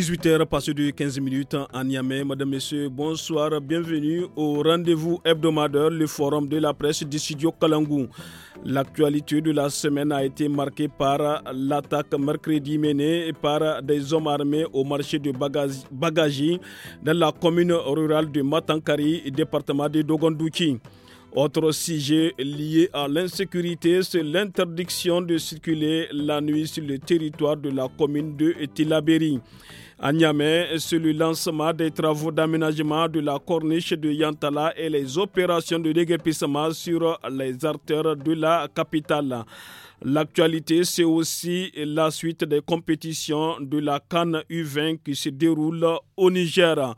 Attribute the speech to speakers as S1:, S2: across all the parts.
S1: 18h passé de 15 minutes en Niamey. Madame, Messieurs, bonsoir. Bienvenue au rendez-vous hebdomadaire, le forum de la presse du studio Kalangou. L'actualité de la semaine a été marquée par l'attaque mercredi menée par des hommes armés au marché de bagages dans la commune rurale de Matankari, département de Dogondouki. Autre sujet lié à l'insécurité, c'est l'interdiction de circuler la nuit sur le territoire de la commune de Tilaberi. À Niamey, c'est le lancement des travaux d'aménagement de la corniche de Yantala et les opérations de déguépissement sur les artères de la capitale. L'actualité, c'est aussi la suite des compétitions de la Cannes U20 qui se déroule au Niger.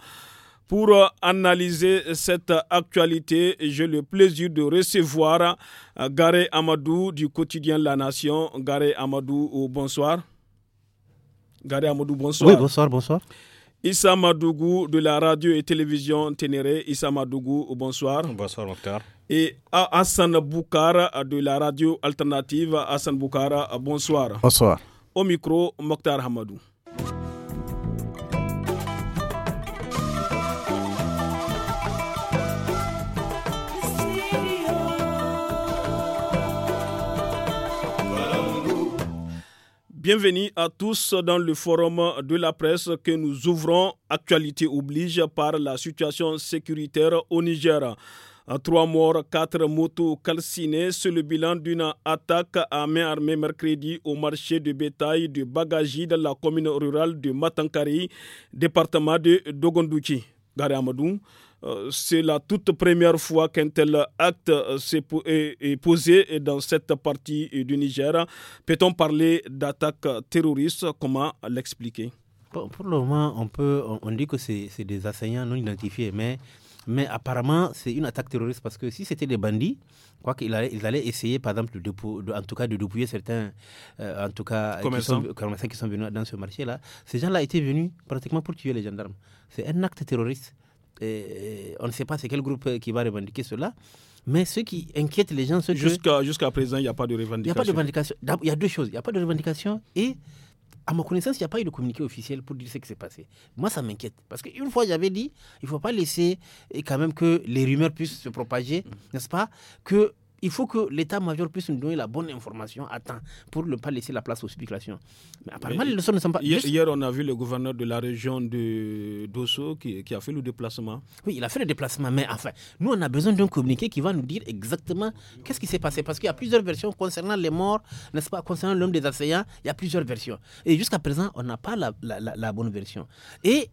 S1: Pour analyser cette actualité, j'ai le plaisir de recevoir Garé Amadou du quotidien La Nation. Garé Amadou, oh, bonsoir. Garé Amadou, bonsoir. Oui, bonsoir, bonsoir. Issa Madougou de la radio et télévision Ténéré. Issa Madougou, oh, bonsoir. Bonsoir, Mokhtar. Et Hassan Boukara de la radio alternative. Hassan Boukara, bonsoir. Bonsoir. Au micro, Mokhtar Hamadou. Bienvenue à tous dans le forum de la presse que nous ouvrons, actualité oblige, par la situation sécuritaire au Niger. Trois morts, quatre motos calcinées, c'est le bilan d'une attaque à main armée mercredi au marché de bétail de Bagaji dans la commune rurale de Matankari, département de Dogondouki, Gare Amadou, euh, c'est la toute première fois qu'un tel acte euh, est, posé dans cette partie euh, du Niger. Peut-on parler d'attaque terroriste Comment l'expliquer
S2: pour, le moment, on, peut, on dit que c'est des assaillants non identifiés, mais mais apparemment, c'est une attaque terroriste parce que si c'était des bandits, quoi qu'ils allaient, ils allaient essayer, par exemple, de, en tout cas, de dépouiller certains en tout cas, Qui, sont, commerçants qui sont venus dans ce marché-là. Ces gens-là étaient venus pratiquement pour tuer les gendarmes. C'est un acte terroriste on ne sait pas c'est quel groupe euh, qui va revendiquer cela. Mais ce qui inquiète les gens, c'est que. Jusqu'à présent, il n'y a pas de revendication. Il n'y a pas de revendication. Il y a deux choses. Il n'y a pas de revendication et, à ma connaissance, il n'y a pas eu de communiqué officiel pour dire ce qui s'est passé. Moi, ça m'inquiète. Parce qu'une fois, j'avais dit, il ne faut pas laisser quand même que les rumeurs puissent se propager, mm. n'est-ce pas Que il faut que l'état-major puisse nous donner la bonne information à temps pour ne pas laisser la place aux spéculations. Mais apparemment, les leçons ne sont pas. Hier, on a vu le gouverneur de la région de d'Osso qui, a fait le déplacement. Oui, il a fait le déplacement. Mais enfin, nous, on a besoin d'un communiqué qui va nous dire exactement qu'est-ce qui s'est passé. Parce qu'il y a plusieurs versions concernant les morts, n'est-ce pas, concernant l'homme des assaillants, il y a plusieurs versions. Et jusqu'à présent, on n'a pas la, bonne version. Et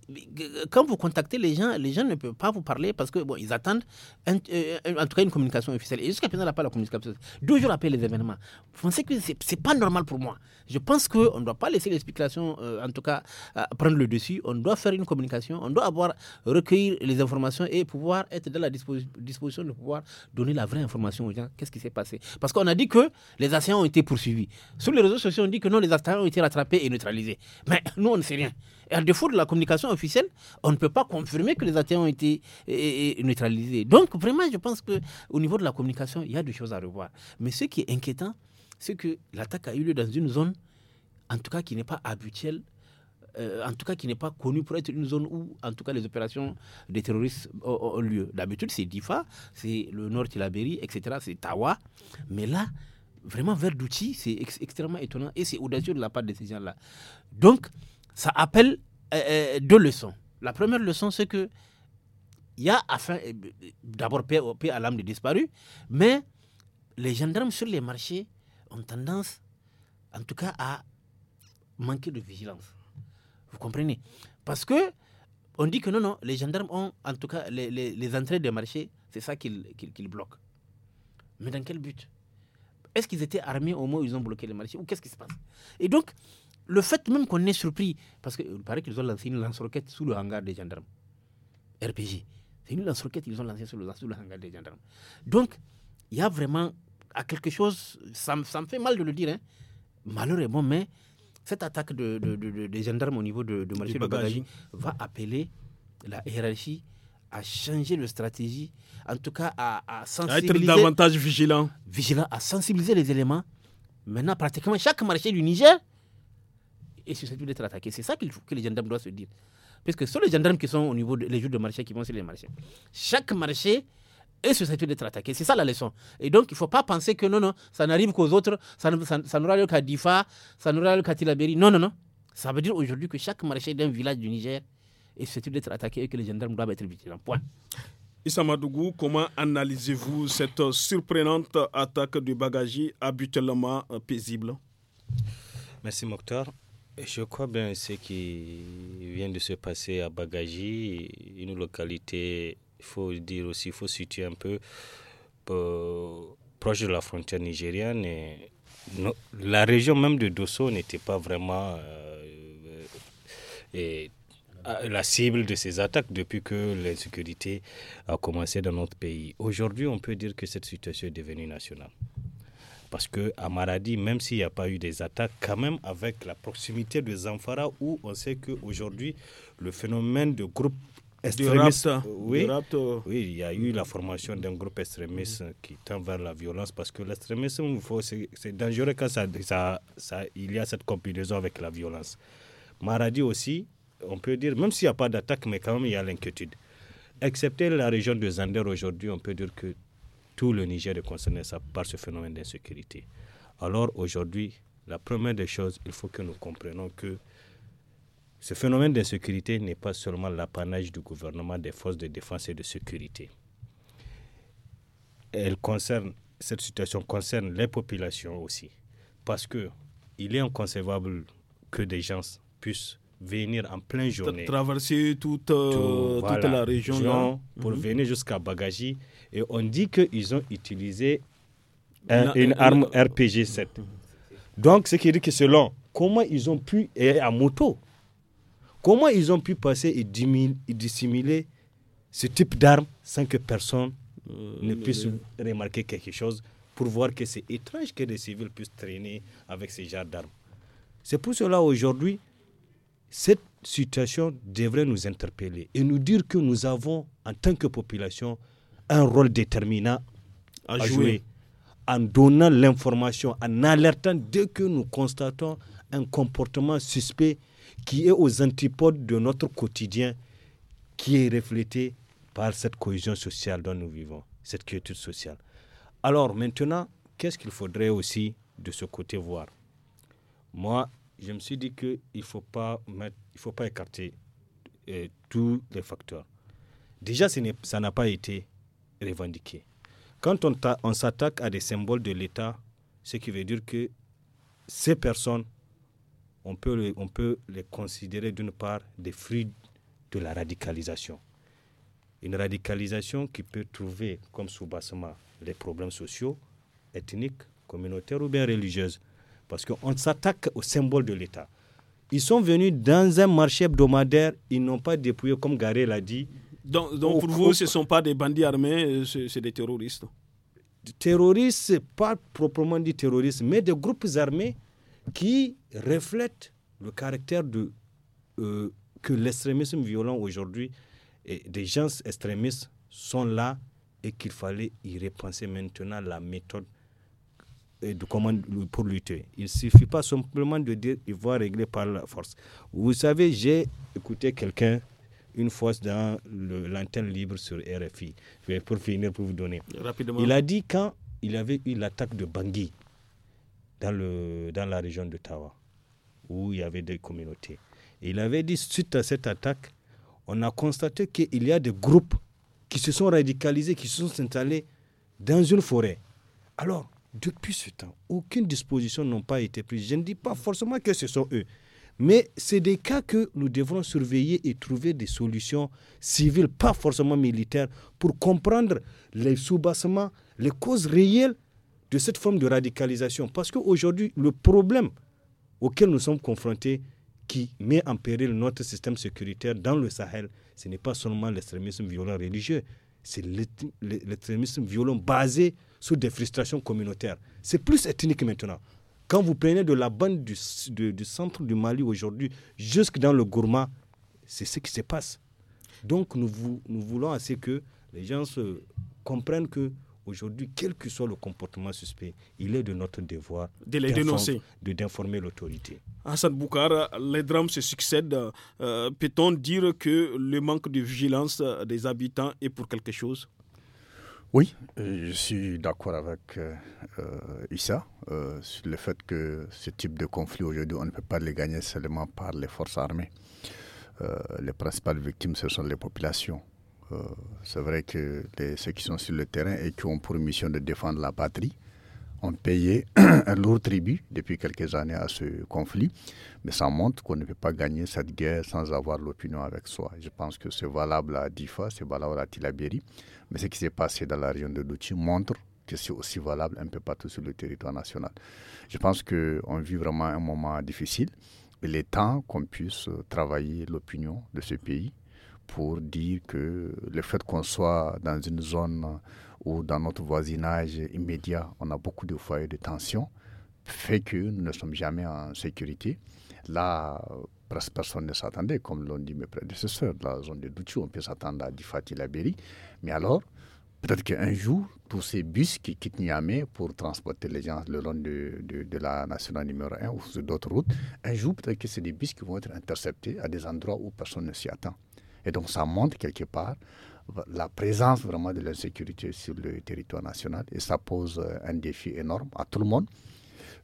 S2: quand vous contactez les gens, les gens ne peuvent pas vous parler parce que bon, ils attendent euh, en tout cas une communication officielle. Et jusqu'à présent, la pas la communication. Deux jours après les événements. Vous pensez que c'est n'est pas normal pour moi. Je pense qu'on ne doit pas laisser l'explication, euh, en tout cas, euh, prendre le dessus. On doit faire une communication. On doit avoir, recueillir les informations et pouvoir être dans la disposition de pouvoir donner la vraie information aux gens. Qu'est-ce qui s'est passé Parce qu'on a dit que les assaillants ont été poursuivis. Sur les réseaux sociaux, on dit que non, les assaillants ont été rattrapés et neutralisés. Mais nous, on ne sait rien. Et à défaut de la communication officielle, on ne peut pas confirmer que les attaques ont été neutralisés. Donc vraiment, je pense qu'au niveau de la communication, il y a des choses à revoir. Mais ce qui est inquiétant, c'est que l'attaque a eu lieu dans une zone, en tout cas qui n'est pas habituelle euh, en tout cas qui n'est pas connue pour être une zone où, en tout cas, les opérations des terroristes ont, lieu. D'habitude, c'est Difa, c'est le nord Tilaberi, etc., c'est Tawa. Mais là, vraiment, vers d'outils c'est extrêmement étonnant et c'est audacieux de la part de ces gens-là. Donc, ça appelle euh, euh, deux leçons. La première leçon, c'est que il y a euh, d'abord paix, à l'âme des disparus, mais les gendarmes sur les marchés ont tendance, en tout cas, à manquer de vigilance. Vous comprenez Parce que on dit que non, non, les gendarmes ont, en tout cas, les, entrées des marchés, c'est ça qu'ils bloquent. Mais dans quel but Est-ce qu'ils étaient armés au moment où ils ont bloqué les marchés Ou qu'est-ce qui se passe Et donc, le fait même qu'on est surpris, parce qu'il paraît qu'ils ont lancé une lance-roquette sous le hangar des gendarmes. RPG. C'est une lance-roquette qu'ils ont lancée sous, le, hangar des gendarmes. Donc, il y a vraiment à quelque chose, ça, me fait mal de le dire, hein. malheureusement, mais cette attaque de, des gendarmes au niveau de, marché va appeler la hiérarchie à changer de stratégie, en tout cas à sensibiliser. À être davantage vigilant. Vigilant, à sensibiliser les éléments. Maintenant, pratiquement chaque marché du Niger, est susceptible d'être attaqué. C'est ça qu'il faut que les gendarmes doivent se dire. Parce que ce sont les gendarmes qui sont au niveau des jours de marché, qui vont sur les marchés. Chaque marché est susceptible d'être attaqué. C'est ça la leçon. Et donc, il ne faut pas penser que non, non, ça n'arrive qu'aux autres, ça, n'aura lieu qu'à Difa, ça n'aura lieu qu'à Tilaberi. Non, non, non. Ça veut dire aujourd'hui que chaque marché d'un village du Niger est susceptible d'être attaqué et que les gendarmes doivent être vigilants.
S1: Point. Issa Madougou, comment analysez-vous cette surprenante attaque du bagage habituellement euh, paisible Merci Mokhtar.
S3: Je crois bien ce qui vient de se passer à Bagaji, une localité, il faut dire aussi, il faut situer un peu euh, proche de la frontière nigériane. la région même de Dosso n'était pas vraiment euh, euh, la cible de ces attaques depuis que l'insécurité a commencé dans notre pays. Aujourd'hui, on peut dire que cette situation est devenue nationale. Parce que à Maradi, même s'il n'y a pas eu des attaques, quand même avec la proximité de Zamfara, où on sait qu'aujourd'hui, le phénomène de groupe
S4: extrémiste. Euh,
S3: euh. oui, il y a eu la formation d'un groupe extrémiste qui tend vers la violence parce que l'extrémisme, c'est dangereux quand ça, ça, il y a cette combinaison avec la violence. Maradi aussi, on peut dire, même s'il n'y a pas d'attaque, mais quand même il y a l'inquiétude. Excepté la région de Zander aujourd'hui, on peut dire que tout le Niger est concerné par ce phénomène d'insécurité. Alors aujourd'hui, la première des choses, il faut que nous comprenions que ce phénomène d'insécurité n'est pas seulement l'apanage du gouvernement des forces de défense et de sécurité. Elle concerne, cette situation concerne les populations aussi, parce que il est inconcevable que des gens puissent venir en plein journée. Traverser toute, euh, toute la région. pour mhm. venir jusqu'à Bagaji. Et on dit qu'ils ont utilisé une arme RPG-7. Mhm. Donc, ce qui dit que selon comment ils ont pu, et à moto, comment ils ont pu passer et, dissimuler ce type d'arme sans que personne euh, ne puisse remarquer quelque chose pour voir que c'est étrange que des civils puissent traîner avec ce genre d'armes. C'est pour cela aujourd'hui, cette situation devrait nous interpeller et nous dire que nous avons, en tant que population, un rôle déterminant à, jouer. en donnant l'information, en alertant dès que nous constatons un comportement suspect qui est aux antipodes de notre quotidien, qui est reflété par cette cohésion sociale dont nous vivons, cette quiétude sociale. Alors maintenant, qu'est-ce qu'il faudrait aussi de ce côté voir Moi, je me suis dit qu'il ne faut, pas faut pas écarter euh, tous les facteurs. Déjà, ça n'a pas été revendiqué. Quand on, s'attaque à des symboles de l'État, ce qui veut dire que ces personnes, on peut, on peut les considérer d'une part des fruits de la radicalisation. Une radicalisation qui peut trouver comme sous-bassement les problèmes sociaux, ethniques, communautaires ou bien religieuses. Parce qu'on s'attaque au symbole de l'État. Ils sont venus dans un marché hebdomadaire, ils n'ont pas dépouillé, comme Garé l'a
S1: dit. Donc, pour vous, ce ne sont pas des bandits armés, c'est des terroristes
S3: Terroristes, pas proprement dit terroristes, mais des groupes armés qui reflètent le caractère de, euh, que l'extrémisme violent aujourd'hui, et des gens extrémistes sont là et qu'il fallait y repenser maintenant la méthode de comment pour lutter. Il ne suffit pas simplement de dire il va régler par la force. Vous savez, j'ai écouté quelqu'un une fois dans l'antenne libre sur RFI. pour finir pour vous donner. Il a dit quand il avait eu l'attaque de Bangui dans, le, dans la région d'Ottawa, où il y avait des communautés. il avait dit suite à cette attaque, on a constaté qu'il y a des groupes qui se sont radicalisés, qui se sont installés dans une forêt. Alors, depuis ce temps, aucune disposition n'a pas été prise. Je ne dis pas forcément que ce sont eux, mais c'est des cas que nous devons surveiller et trouver des solutions civiles, pas forcément militaires, pour comprendre les sous-bassements, les causes réelles de cette forme de radicalisation. Parce qu'aujourd'hui, le problème auquel nous sommes confrontés, qui met en péril notre système sécuritaire dans le Sahel, ce n'est pas seulement l'extrémisme violent religieux, c'est l'extrémisme violent basé sous des frustrations communautaires. C'est plus ethnique maintenant. Quand vous prenez de la bande du, centre du Mali aujourd'hui jusque dans le Gourma, c'est ce qui se passe. Donc nous, nous voulons assez que les gens se comprennent que aujourd'hui, quel que soit le comportement suspect, il est de notre devoir de les dénoncer, de d'informer l'autorité.
S1: Hassan Boukar, les drames se succèdent. Euh, peut-on dire que le manque de vigilance des habitants est pour quelque chose
S4: oui, euh, je suis d'accord avec euh, euh, Issa sur le fait que ce type de conflit aujourd'hui, on ne peut pas le gagner seulement par les forces armées. les principales victimes, ce sont les populations. C'est vrai que ceux qui sont sur le terrain et qui ont pour mission de défendre la patrie ont payé un lourd tribut depuis quelques années à ce conflit, mais ça montre qu'on ne peut pas gagner cette guerre sans avoir l'opinion avec soi. Je pense que c'est valable à Difa, c'est valable à Tilabiri. Mais ce qui s'est passé dans la région de Douchi montre que c'est aussi valable un peu partout sur le territoire national. Je pense qu'on vit vraiment un moment difficile. Il est temps qu'on puisse euh, travailler l'opinion de ce pays pour dire que le fait qu'on soit dans une zone euh, ou dans notre voisinage immédiat, on a beaucoup de foyers de tension, fait que nous ne sommes jamais en sécurité. Là, euh, personne ne s'attendait, comme l'ont dit mes prédécesseurs, de la zone de Duchou, on peut s'attendre à Difati Labéry. Mais alors, peut-être qu'un jour, tous ces bus qui quittent Niamey pour transporter les gens le long de, la nationale numéro 1 ou sur d'autres routes, un jour, peut-être que c'est des bus qui vont être interceptés à des endroits où personne ne s'y attend. Et donc, ça montre quelque part la présence vraiment de l'insécurité sur le territoire national et ça pose euh, un défi énorme à tout le monde.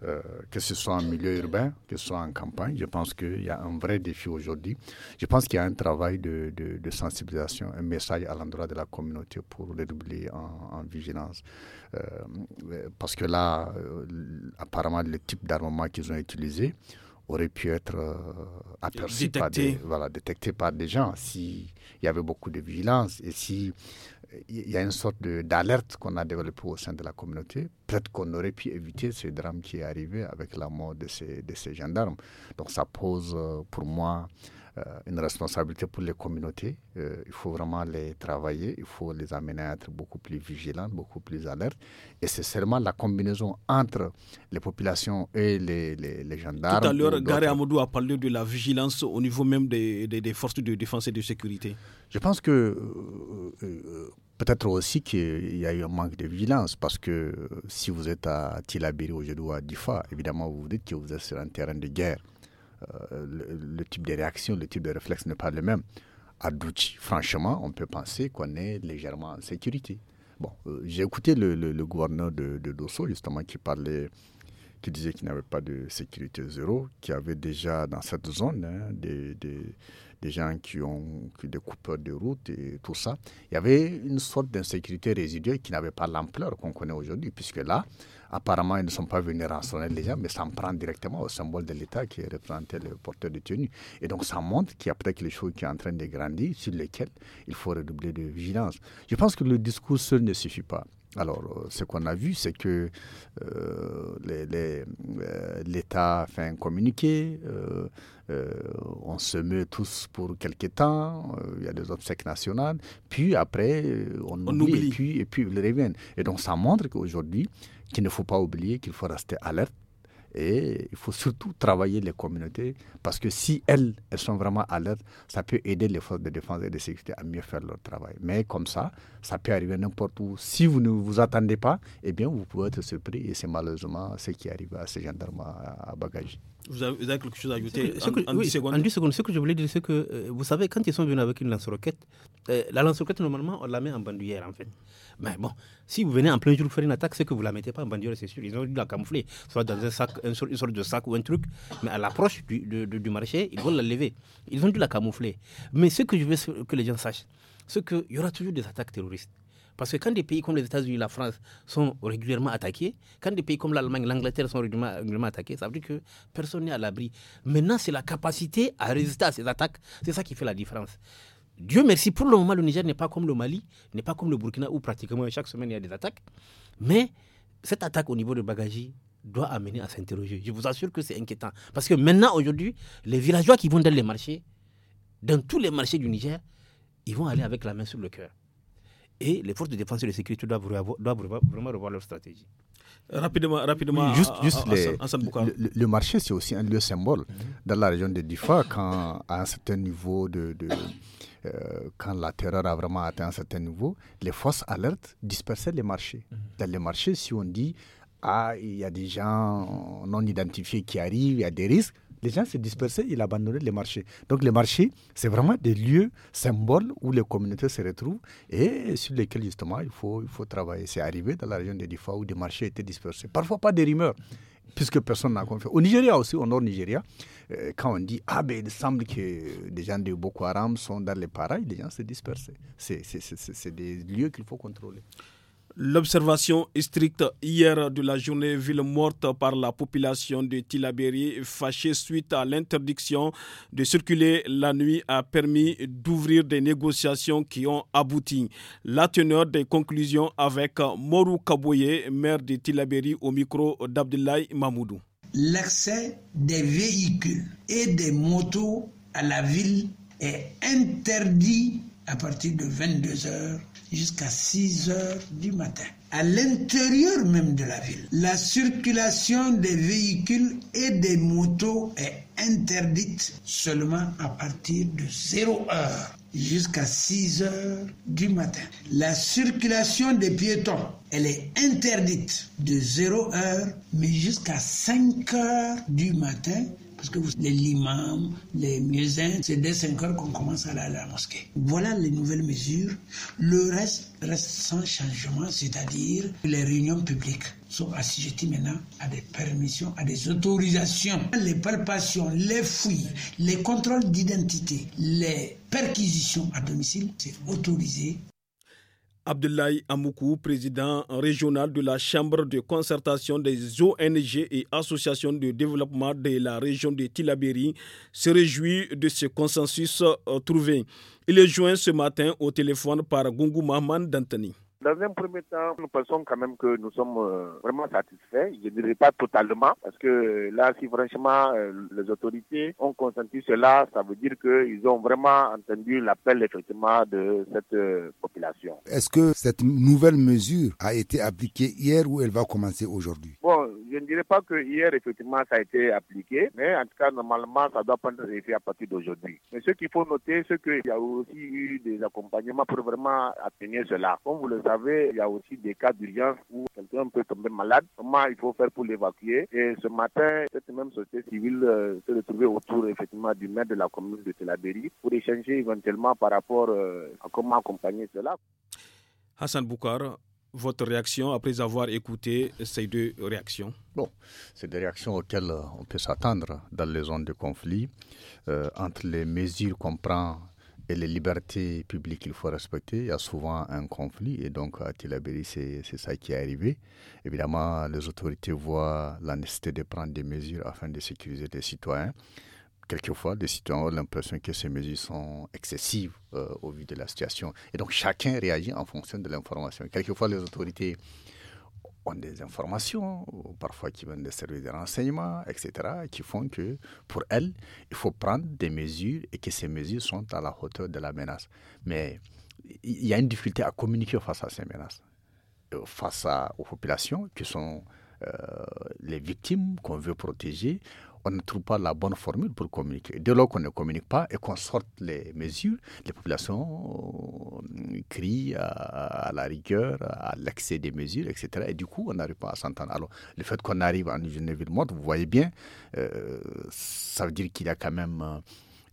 S4: Euh, que ce soit en milieu urbain, que ce soit en campagne. Je pense qu'il y a un vrai défi aujourd'hui. Je pense qu'il y a un travail de, sensibilisation, un message à l'endroit de la communauté pour les doubler en, vigilance. Euh, parce que là, euh, apparemment, le type d'armement qu'ils ont utilisé aurait pu être aperçu, Par des, voilà, détecté par des gens s'il y avait beaucoup de vigilance et si il y a une sorte d'alerte qu'on a développée au sein de la communauté. Peut-être qu'on aurait pu éviter ce drame qui est arrivé avec la mort de ces, de ces gendarmes. Donc ça pose euh, pour moi euh, une responsabilité pour les communautés. Euh, il faut vraiment les travailler, il faut les amener à être beaucoup plus vigilants, beaucoup plus alertes. Et c'est seulement la combinaison entre les populations et les, gendarmes. Tout à l'heure, Gary
S1: Amadou a parlé de la vigilance au niveau même des, forces de défense et de sécurité.
S4: Je pense que euh, peut-être aussi qu'il y a eu un manque de vigilance parce que si vous êtes à Tilabiri aujourd'hui ou à Difa, évidemment, vous vous dites que vous êtes sur un terrain de guerre. Euh, le, type de réaction, le type de réflexe n'est pas le même. À Douchi, franchement, on peut penser qu'on est légèrement en sécurité. Bon, euh, j'ai écouté le, gouverneur de, de Dosso, justement, qui parlait, qui disait qu'il n'avait pas de sécurité zéro, qu'il y avait déjà dans cette zone hein, des, des, gens qui ont des coupeurs de route et tout ça. Il y avait une sorte d'insécurité résiduelle qui n'avait pas l'ampleur qu'on connaît aujourd'hui, puisque là, Apparemment, ils ne sont pas venus rançonner les gens, mais me prend directement au symbole de l'État qui est représenté le porteur de tenue. Et donc, ça montre qu'il y a peut-être quelque chose qui est en train de grandir, sur lequel il faut redoubler de vigilance. Je pense que le discours seul ne suffit pas. Alors, euh, ce qu'on a vu, c'est que euh, euh, l'État fait un communiqué, on se met tous pour quelques temps, il y a des obsèques nationales, puis après, on, oublie, Et, puis, et puis ils reviennent. Et donc, ça montre qu'aujourd'hui, qu'il ne faut pas oublier qu'il faut rester alerte et il faut surtout travailler les communautés parce que si elles, elles sont vraiment alertes, ça peut aider les forces de défense et de sécurité à mieux faire leur travail. Mais comme ça, ça peut arriver n'importe où. Si vous ne vous attendez pas, eh bien, vous pouvez être surpris et c'est malheureusement ce qui arrive à ces gendarmes à, bagages
S2: Vous avez, quelque chose à ajouter en, oui, 10 secondes. en, 10 secondes Ce que je voulais dire, c'est que euh, vous savez, quand ils sont venus avec une lance-roquette, euh, la lance-roquette, normalement, on la met en bandoulière, en fait. Mais bon, si vous venez en plein jour faire une attaque, c'est que vous ne la mettez pas en bandoulière, c'est sûr. Ils ont dû la camoufler, soit dans un sac une sorte de sac ou un truc, mais à l'approche du, du marché, ils vont la lever. Ils ont dû la camoufler. Mais ce que je veux que les gens sachent, c'est qu'il y aura toujours des attaques terroristes. Parce que quand des pays comme les États-Unis, la France sont régulièrement attaqués, quand des pays comme l'Allemagne, l'Angleterre sont régulièrement, attaqués, ça veut dire que personne n'est à l'abri. Maintenant, c'est la capacité à résister à ces attaques. C'est ça qui fait la différence. Dieu merci, pour le moment, le Niger n'est pas comme le Mali, n'est pas comme le Burkina où pratiquement chaque semaine il y a des attaques. Mais cette attaque au niveau de Bagaji, doit amener à s'interroger. Je vous assure que c'est inquiétant. Parce que maintenant, aujourd'hui, les villageois qui vont dans les marchés, dans tous les marchés du Niger, ils vont aller avec la main sur le cœur. Et les forces de défense et de sécurité doivent, vraiment revoir leur stratégie. Rapidement, rapidement. Juste, juste le,
S4: marché, c'est aussi un lieu symbole. Dans la région de Difa, quand à un certain niveau de, euh, quand la terreur a vraiment atteint un certain niveau, les forces alertes dispersaient les marchés. Mhm. Dans les marchés, si on dit ah, il y a des gens non identifiés qui arrivent, il y a des risques. Les gens se dispersaient, ils abandonnaient les marchés. Donc les marchés, c'est vraiment des lieux symboles où les communautés se retrouvent et sur lesquels justement il faut, il faut travailler. C'est arrivé dans la région de Difa où des marchés étaient dispersés. Parfois pas des rumeurs, puisque personne n'a confiance. Au Nigeria aussi, au nord Nigeria, euh, quand on dit Ah, ben il semble que des gens de Boko Haram sont dans les parages, les gens se dispersent. C'est des lieux qu'il faut contrôler. L'observation stricte
S1: hier de la journée ville morte par la population de Tilaberi, fâchée suite à l'interdiction de circuler la nuit, a permis d'ouvrir des négociations qui ont abouti. La teneur des conclusions avec Morou Kaboye, maire de Tilaberi, au micro d'Abdoulaye Mamoudou.
S2: L'accès des véhicules et des motos à la ville est interdit à partir de 22 heures jusqu'à 6 heures du matin. À l'intérieur même de la ville, la circulation des véhicules et des motos est interdite seulement à partir de 0 heure jusqu'à 6 heures du matin. La circulation des piétons, elle est interdite de 0 heure mais jusqu'à 5 heures du matin parce que vous, les imams, les musins, c'est dès 5 heures qu'on commence à aller à la mosquée. Voilà les nouvelles mesures. Le reste reste sans changement, c'est-à-dire les réunions publiques sont assujetties maintenant à des permissions, à des autorisations. Les palpations, les fouilles, les contrôles d'identité, les perquisitions à domicile, c'est autorisé
S1: Abdoulaye Amoukou, président régional de la Chambre de concertation des ONG et associations de développement de la région de Tilaberi, se réjouit de ce consensus euh, trouvé. Il est joint ce matin au téléphone par Gungu Mahman Dantani.
S4: Dans un premier temps, nous pensons quand même que nous sommes euh, vraiment satisfaits. Je ne dirais pas totalement, parce que euh, là, si franchement euh, les autorités ont consenti cela, ça veut dire qu'ils ont vraiment entendu l'appel effectivement de cette population.
S2: Est-ce que cette nouvelle mesure a été appliquée hier ou elle
S4: va commencer aujourd'hui je ne dirais pas que hier, effectivement, ça a été appliqué, mais en tout cas, normalement, ça doit prendre effet à partir d'aujourd'hui. Mais ce qu'il faut noter, c'est qu'il y a aussi eu des accompagnements pour vraiment atteindre cela. Comme vous le savez, il y a aussi des cas d'urgence où quelqu'un peut tomber malade. Comment il faut faire pour l'évacuer Et ce matin, cette même société civile euh, se retrouvait autour, effectivement, du maire de la commune de Telabéry pour échanger éventuellement par rapport euh, à comment accompagner cela.
S1: Hassan Boukar, votre réaction après avoir écouté ces deux réactions
S4: Bon, c'est des réactions auxquelles euh, on peut s'attendre dans les zones de conflit. Euh, entre les mesures qu'on prend et les libertés publiques qu'il faut respecter, il y a souvent un conflit. Et donc, à Tilaberi, c'est ça qui est arrivé. Évidemment, les autorités voient la nécessité de prendre des mesures afin de sécuriser les citoyens quelquefois, les citoyens ont l'impression que ces mesures sont excessives euh, au vu de la situation. Et donc, chacun réagit en fonction de l'information. Quelquefois, les autorités ont des informations, parfois qui viennent des services de renseignement, etc., qui font que, pour elles, il faut prendre des mesures et que ces mesures sont à la hauteur de la menace. Mais il y a une difficulté à communiquer face à ces menaces, euh, face aux populations qui sont euh, les victimes qu'on veut protéger, on ne trouve pas la bonne formule pour communiquer. Dès lors qu'on ne communique pas et qu'on sorte les mesures, les populations euh, crient à, la rigueur, à l'excès des mesures, etc. Et du coup, on n'arrive pas à s'entendre. Alors, le fait qu'on arrive à une ville vous voyez bien, euh, ça veut dire qu'il y a quand même... Euh,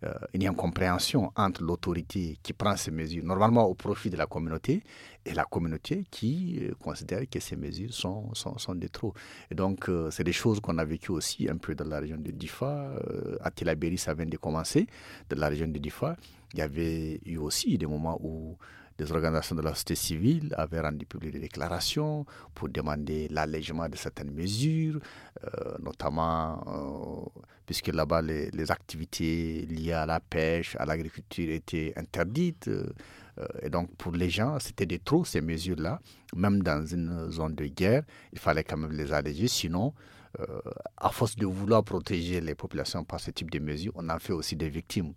S4: euh, a une incompréhension entre l'autorité qui prend ces mesures, normalement au profit de la communauté, et la communauté qui euh, considère que ces mesures sont, sont, sont des trop. Et donc, euh, c'est des choses qu'on a vécues aussi un peu dans la région de Difa. à Tilabéry, ça vient de commencer, dans la région de Difa. Il y avait eu aussi des moments où des organisations de la société civile avaient rendu publiques des déclarations pour demander l'allègement de certaines mesures, notamment puisque là-bas, les, activités liées à la pêche, à l'agriculture étaient interdites. Euh, euh, et donc, pour les gens, c'était des trop, ces mesures-là. Même dans une zone de guerre, il fallait quand même les alléger. Sinon, euh, à force de vouloir protéger les populations par ce type de mesures, on en fait aussi des victimes.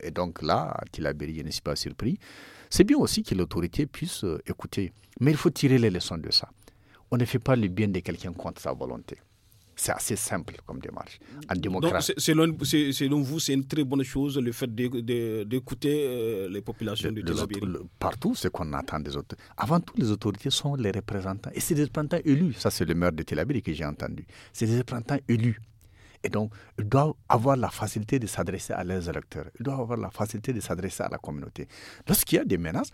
S4: Et donc là, à Tilaberi, je ne suis pas surpris. C'est bien aussi que l'autorité puisse écouter. Mais il faut tirer les leçons de ça. On ne fait pas le bien de quelqu'un contre sa volonté. C'est assez simple comme démarche. En démocratie. Selon,
S1: vous, c'est une très bonne chose le fait d'écouter euh, les populations de Tel Aviv
S4: Partout, ce qu'on attend des autorités. Avant tout, les autorités sont les représentants. Et c'est des représentants élus. Ça, c'est le maire de Tel Aviv que j'ai entendu. C'est des représentants élus. Et donc, ils doivent avoir la facilité de s'adresser à leurs électeurs. Ils doivent avoir la facilité de s'adresser à la communauté. Lorsqu'il y a des menaces,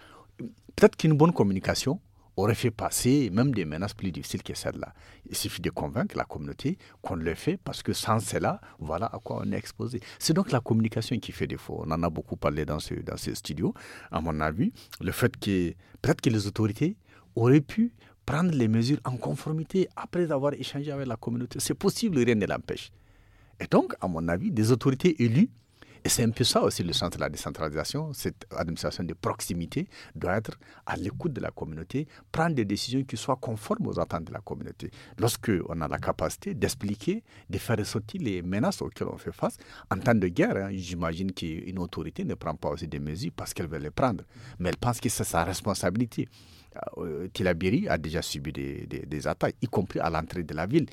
S4: peut-être qu'une bonne communication, aurait fait passer même des menaces plus difficiles que celles-là. Il suffit de convaincre la communauté qu'on le fait parce que sans cela, voilà à quoi on est exposé. C'est donc la communication qui fait défaut. On en a beaucoup parlé dans ce, dans ce studio. À mon avis, le fait que peut-être que les autorités auraient pu prendre les mesures en conformité après avoir échangé avec la communauté, c'est possible, rien ne l'empêche. Et donc, à mon avis, des autorités élues et c'est un peu ça aussi le sens de la décentralisation. Cette administration de proximité doit être à l'écoute de la communauté, prendre des décisions qui soient conformes aux attentes de la communauté. Lorsque on a la capacité d'expliquer, de faire ressortir les menaces auxquelles on fait face, en temps de guerre, hein, j'imagine qu'une autorité ne prend pas aussi des mesures parce qu'elle veut les prendre, mais elle pense que c'est sa responsabilité. Euh, euh, Tilabiri a déjà subi des, des attaques, y compris à l'entrée de la ville.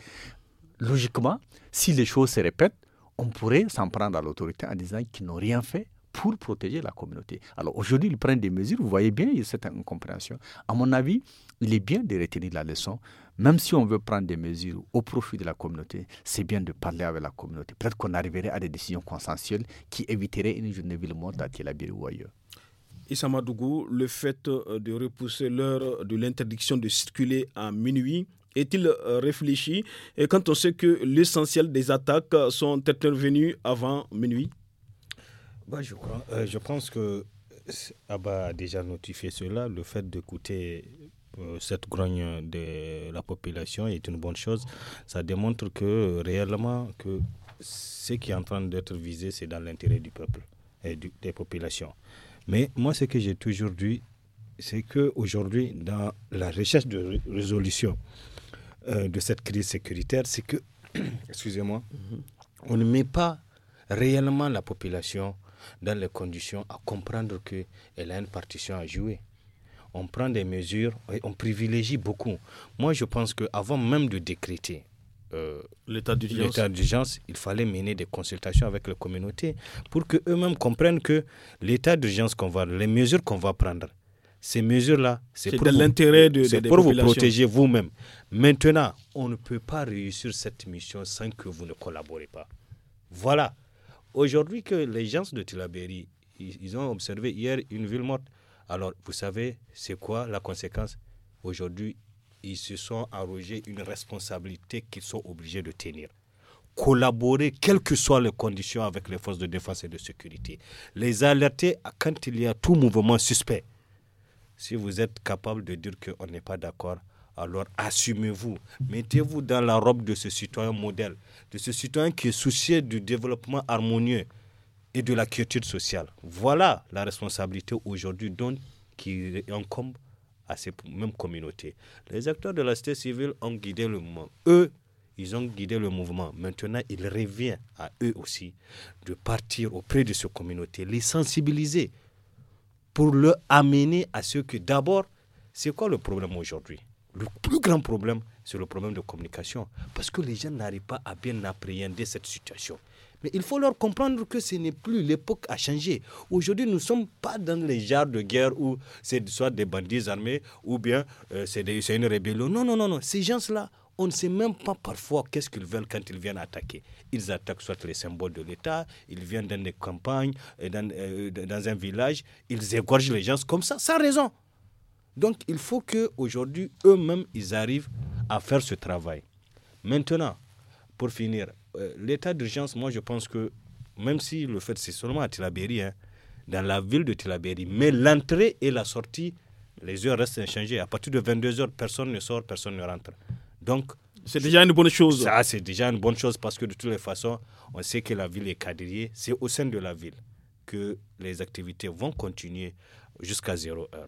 S4: Logiquement, si les choses se répètent, on pourrait s'en prendre à l'autorité en disant qu'ils n'ont rien fait pour protéger la communauté. Alors aujourd'hui, ils prennent des mesures, vous voyez bien, il y a cette incompréhension. À mon avis, il est bien de retenir la leçon, même si on veut prendre des mesures au profit de la communauté, c'est bien de parler avec la communauté. Peut-être qu'on arriverait à des décisions consensuelles qui éviteraient une journée ville morte à ou ailleurs. Issa le
S1: fait euh, de repousser l'heure de l'interdiction de circuler à minuit est-il euh, réfléchi et quand on sait que l'essentiel des attaques euh, sont intervenues avant minuit
S3: bah, euh, je, pense que Abba a déjà notifié cela. Le fait d'écouter cette grogne de la population est une bonne chose. Ça démontre que réellement que ce qui est en train d'être visé, c'est dans l'intérêt du peuple et des populations. Mais moi, ce que j'ai toujours dit, c'est qu'aujourd'hui, dans la recherche de résolution, euh, de cette crise sécuritaire, c'est que, excusez-moi, mhm. on ne met pas réellement la population dans les conditions à comprendre qu'elle a une partition à jouer. On prend des mesures et on privilégie beaucoup. Moi, je pense qu'avant même de décréter euh, l'état d'urgence, il fallait mener des consultations avec les communautés pour qu'eux-mêmes comprennent que l'état d'urgence qu'on va, les mesures qu'on va prendre, ces mesures-là, c'est pour, de, vous protéger vous-même. Maintenant, on ne peut pas réussir cette mission sans que vous ne collaborez pas. Voilà. Aujourd'hui, que les gens de Tilaberi, ils, ils, ont observé hier une ville morte. Alors, vous savez, c'est quoi la conséquence Aujourd'hui, ils se sont arrogés une responsabilité qu'ils sont obligés de tenir. Collaborer, quelles que soient les conditions, avec les forces de défense et de sécurité. Les alerter quand il y a tout mouvement suspect si vous êtes capable de dire qu'on n'est pas d'accord, alors assumez-vous. Mettez-vous dans la robe de ce citoyen modèle, de ce citoyen qui est soucié du développement harmonieux et de la quiétude sociale. Voilà la responsabilité aujourd'hui qui incombe à ces mêmes communautés. Les acteurs de la société civile ont guidé le mouvement. Eux, ils ont guidé le mouvement. Maintenant, il revient à eux aussi de partir auprès de ces communautés, les sensibiliser, pour le amener à ce que d'abord, c'est quoi le problème aujourd'hui Le plus grand problème, c'est le problème de communication. Parce que les gens n'arrivent pas à bien appréhender cette situation. Mais il faut leur comprendre que ce n'est plus l'époque à changer. Aujourd'hui, nous ne sommes pas dans les jars de guerre où c'est soit des bandits armés ou bien euh, c'est une rébellion. Non, non, non, non. Ces gens-là on ne sait même pas parfois qu'est-ce qu'ils veulent quand ils viennent attaquer. Ils attaquent soit les symboles de l'État, ils viennent dans des campagnes, dans, euh, dans un village, ils égorgent les gens comme ça, sans raison. Donc il faut qu'aujourd'hui, eux-mêmes, ils arrivent à faire ce travail. Maintenant, pour finir, euh, l'état d'urgence, moi je pense que, même si le fait c'est seulement à Tilaberi, hein, dans la ville de Tilaberi, mais l'entrée et la sortie, les heures restent inchangées. À partir de 22 heures, personne ne sort, personne ne rentre. Donc,
S1: c'est déjà une bonne chose. Ça,
S3: c'est déjà une bonne chose parce que de toutes les façons, on sait que la ville est quadrillée. C'est au sein de la ville que les activités vont continuer jusqu'à zéro
S1: heure.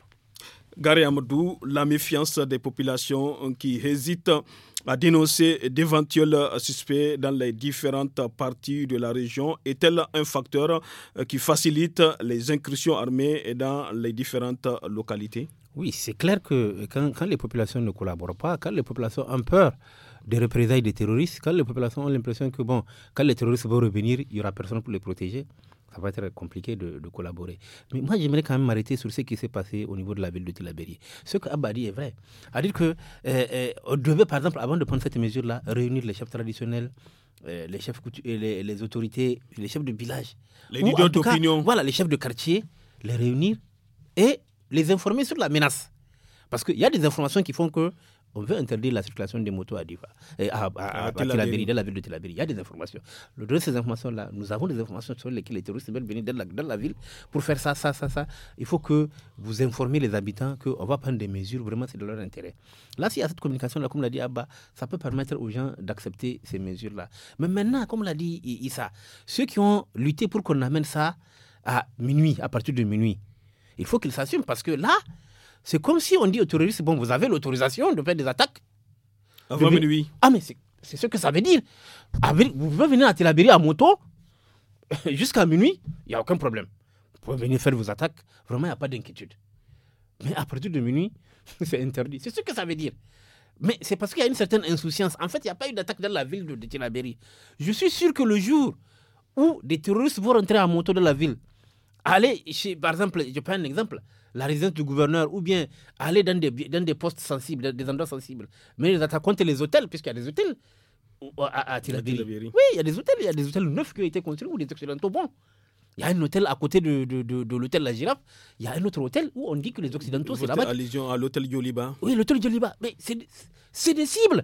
S1: Gary Amadou, la méfiance des populations qui hésitent à dénoncer d'éventuels suspects dans les différentes parties de la région est-elle un facteur qui facilite les incursions armées dans les différentes
S2: localités oui, c'est clair que euh, quand, les populations ne collaborent pas, quand les populations ont peur des représailles des terroristes, quand les populations ont l'impression que, bon, quand les terroristes vont revenir, il n'y aura personne pour les protéger, ça va être compliqué de, collaborer. Mais moi, j'aimerais quand même m'arrêter sur ce qui s'est passé au niveau de la ville de Tilaberi. Ce qu'Abba dit est vrai. À dire que euh, euh, devait, par exemple, avant de prendre cette mesure-là, réunir les chefs traditionnels, les chefs les, autorités, les chefs de village, les leaders d'opinion, voilà, les chefs de quartier, les réunir et les informer sur la menace. Parce qu'il y a des informations qui font que on veut interdire la circulation des motos à Diva, euh, à, dans la ville de Tilaberi. Il y a des informations. Le ces informations-là, nous avons des informations sur lesquelles les terroristes veulent venir dans la, la ville pour faire ça, ça, ça, ça. Il faut que vous informiez les habitants qu'on va prendre des mesures, vraiment, c'est de leur intérêt. Là, s'il y a cette communication-là, comme l'a dit Abba, ça peut permettre aux gens d'accepter ces mesures-là. Mais maintenant, comme l'a dit Issa, ceux qui ont lutté pour qu'on amène ça à minuit, à partir de minuit, il faut qu'il s'assume, parce que là, c'est comme si on dit aux terroristes, bon, vous avez l'autorisation de faire des attaques. Avant minuit. Ah, mais c'est ce que ça veut dire. Ah, vous pouvez venir à Tilaberi à moto jusqu'à minuit, il n'y a aucun problème. Vous pouvez venir faire vos attaques, vraiment, il n'y a pas d'inquiétude. Mais à partir de minuit, c'est interdit. C'est ce que ça veut dire. Mais c'est parce qu'il y a une certaine insouciance. En fait, il n'y a pas eu d'attaque dans la ville de, Tilabéry. Je suis sûr que le jour où des terroristes vont rentrer à moto dans la ville, Aller par exemple, je prends un exemple, la résidence du gouverneur, ou bien aller dans des, dans des postes sensibles, des endroits sensibles. Mais les attaques les hôtels, puisqu'il y a des hôtels à, à Oui, il y a des hôtels, il y a des hôtels neufs qui ont été construits ou des occidentaux Bon. Il y a un hôtel à côté de, de, de, l'hôtel La Girafe. Il y a un autre hôtel où on dit que les Occidentaux, c'est là-bas. allusion à l'hôtel Yoliba. Oui, l'hôtel Yoliba. Mais c'est des cibles.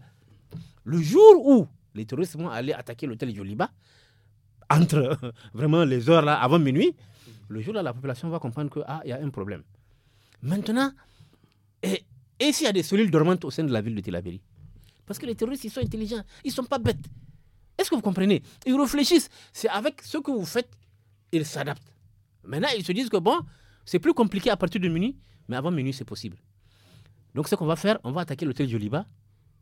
S2: Le jour où les terroristes vont aller attaquer l'hôtel Yoliba, entre vraiment les heures là, avant minuit, le jour là, la population va comprendre qu'il ah, y a un problème. Maintenant, et, eh, et s'il y a des cellules dormantes au sein de la ville de Tilaberi Parce que les terroristes, ils sont intelligents, ils ne sont pas bêtes. Est-ce que vous comprenez Ils réfléchissent. C'est avec ce que vous faites, ils s'adaptent. Maintenant, ils se disent que bon, c'est plus compliqué à partir de minuit, mais avant minuit, c'est possible. Donc, ce qu'on va faire, on va attaquer l'hôtel Joliba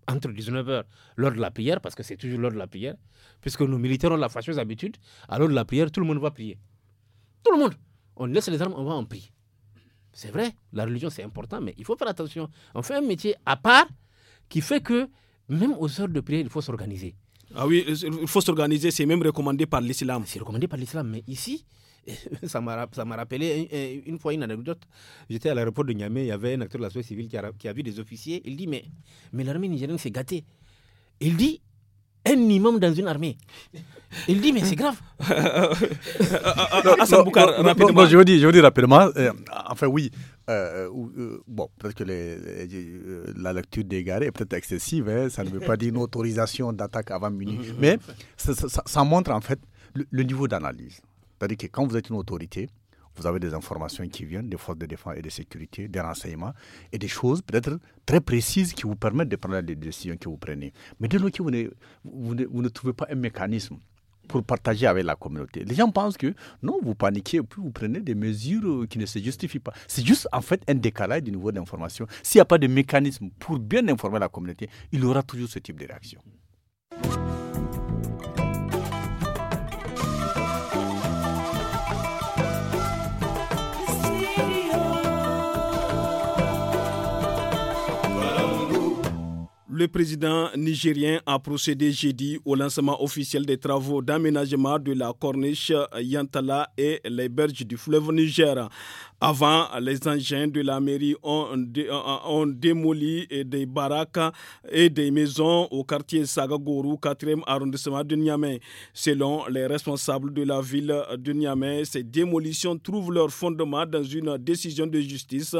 S2: entre 19h, lors de la prière, parce que c'est toujours lors de la prière, puisque nous militerons la fâcheuse habitude, à l'heure de la prière, tout le monde va prier. Tout le monde. On laisse les armes, on va en prix. C'est vrai, la religion c'est important, mais il faut faire attention. On fait un métier à part qui fait que même aux heures de prière, il faut s'organiser. Ah oui, euh, il faut s'organiser, c'est même recommandé par l'islam. C'est recommandé par l'islam, mais ici, ça m'a rappelé une, fois une anecdote. J'étais à l'aéroport de Niamey, il y avait un acteur de la société civile qui a, vu des officiers. Il dit Mais, mais l'armée nigérienne s'est gâtée. Il dit un imam dans une armée. Il dit, mais c'est grave. rapidement. je, vous dis
S4: je rapidement, euh, enfin oui, euh, euh, bon, peut-être que la lecture dégarée est peut-être excessive, hein, ça ne veut pas dire une autorisation d'attaque avant minuit, mhm. mais ça, montre en fait le niveau d'analyse. C'est-à-dire que quand vous êtes une autorité, vous avez des informations qui viennent des forces de défense et de sécurité, des renseignements et des choses peut-être très précises qui vous permettent de prendre les décisions que vous prenez. Mais de lors que vous ne, trouvez pas un mécanisme pour partager avec la communauté. Les gens pensent que non, vous paniquez et puis vous prenez des mesures qui ne se justifient pas. C'est juste en fait un décalage du niveau d'information. S'il n'y a pas de mécanisme pour bien informer la communauté, il y aura toujours ce type de réaction.
S1: le président nigérien a procédé jeudi au lancement officiel des travaux d'aménagement de la corniche Yantala et les berges du fleuve Niger. Avant, les engins de la mairie ont, euh, démoli des baraques et des maisons au quartier Sagagourou, 4e arrondissement de Niamey. Selon les responsables de la ville de Niamey, ces démolitions trouvent leur fondement dans une décision de justice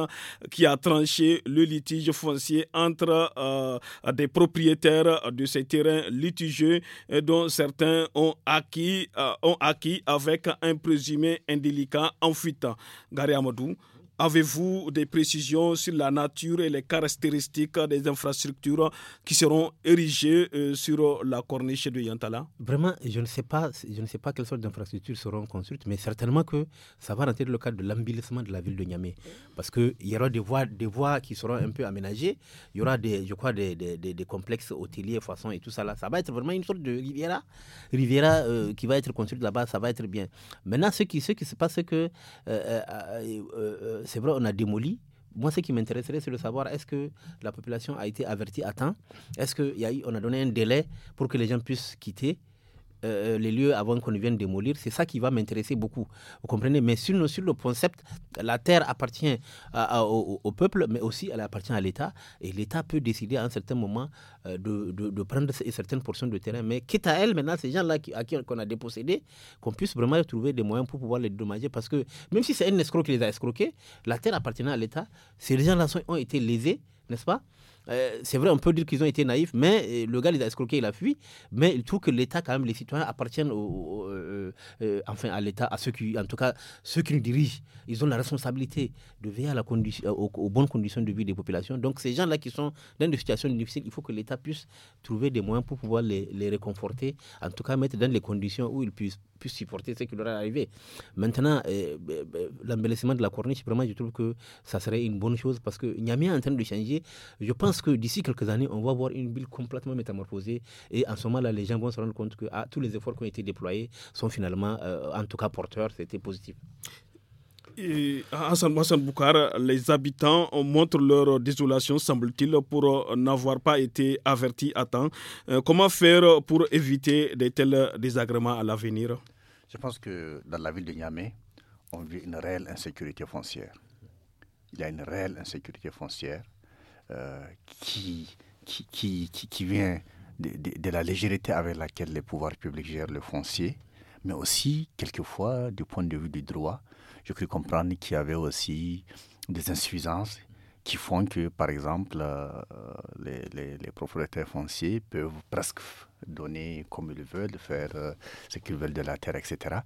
S1: qui a tranché le litige foncier entre euh, des propriétaires de ces terrains litigieux euh, dont certains ont acquis, euh, ont acquis avec un présumé indélicat en fuite. Gary Amadou, Avez-vous des précisions sur la nature et les caractéristiques des infrastructures qui seront érigées euh, sur la corniche de Yantala
S2: Vraiment, je ne sais pas, je ne sais pas quelles sortes d'infrastructures seront construites, mais certainement que ça va rentrer dans le cadre de l'embellissement de la ville de Niamey. Parce que il y aura des voies, des voies qui seront un peu aménagées, il y aura des, je crois, des, des, des, complexes hôteliers, façon et tout ça là. Ça va être vraiment une sorte de Riviera, Riviera euh, qui va être construite là-bas, ça va être bien. Maintenant, ce qui, ce qui se passe, c'est que euh, c'est vrai, on a démoli. Moi, ce qui m'intéresserait, c'est de savoir est-ce que la population a été avertie à temps Est-ce qu'on a donné un délai pour que les gens puissent quitter euh, les lieux avant qu'on vienne démolir. C'est ça qui va m'intéresser beaucoup. Vous comprenez Mais sur, sur, le concept, la terre appartient au, peuple, mais aussi elle appartient à l'État. Et l'État peut décider à un certain moment euh, de, de, prendre certaines portions de terrain. Mais quitte à elle, maintenant, ces gens-là à qui on a dépossédé, qu'on puisse vraiment trouver des moyens pour pouvoir les dommager Parce que même si c'est un escroc qui les a escroqués, la terre appartient à l'État, ces gens-là ont été lésés, n'est-ce pas euh, c'est vrai, on peut dire qu'ils ont été naïfs, mais euh, le gars les a escroqué il a fui. Mais il trouve que l'État, quand même, les citoyens appartiennent euh, enfin à l'État, à ceux qui, en tout cas, ceux qui nous dirigent. Ils ont la responsabilité de veiller à la condition, aux, bonnes conditions de vie des populations. Donc, ces gens-là qui sont dans des situations difficiles, il faut que l'État puisse trouver des moyens pour pouvoir les réconforter, en tout cas, mettre dans les conditions où ils puissent puis supporter ce qui leur est arrivé. Maintenant, euh, euh, euh, l'embellissement de la corniche, vraiment, je trouve que ça serait une bonne chose parce que a est en train de changer. Je pense que d'ici quelques années, on va voir une ville complètement métamorphosée et en ce moment-là, les gens vont se rendre compte que ah, tous les efforts qui ont été déployés sont finalement, en tout cas, porteurs. C'était positif.
S1: Et Hassan,
S2: Boukar, les
S1: habitants montrent leur désolation, semble-t-il, pour euh, n'avoir pas été avertis à temps. Euh, comment faire pour éviter de tels désagréments à l'avenir Je pense
S4: que dans la ville de Niamey, on vit une réelle insécurité foncière. Il y a une réelle insécurité foncière euh, qui, vient de, de, la légèreté avec laquelle les pouvoirs publics gèrent le foncier, mais aussi, quelquefois, du point de vue du droit, je peux comprendre qu'il y avait aussi des insuffisances qui font que, par exemple, euh, les, propriétaires fonciers peuvent presque donner comme ils veulent, faire euh, ce qu'ils veulent de la terre, etc.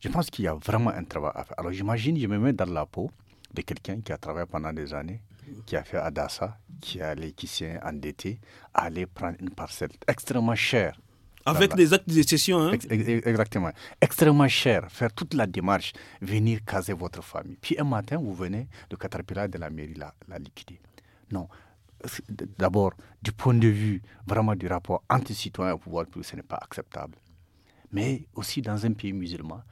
S4: Je pense qu'il y a vraiment un travail à faire. Alors j'imagine, je me mets dans la peau de quelqu'un qui a travaillé pendant des années, qui a fait Adassa, qui, qui s'est endetté, aller prendre une parcelle extrêmement chère avec les actes de cession. Hein? exactement. Extrêmement cher. Faire toute la démarche, venir caser votre famille. Puis un matin, vous venez, le caterpillar de la mairie la, la Non. D'abord, du point de vue vraiment du rapport entre citoyen au pouvoir, ce n'est pas acceptable. Mais aussi dans un pays musulman,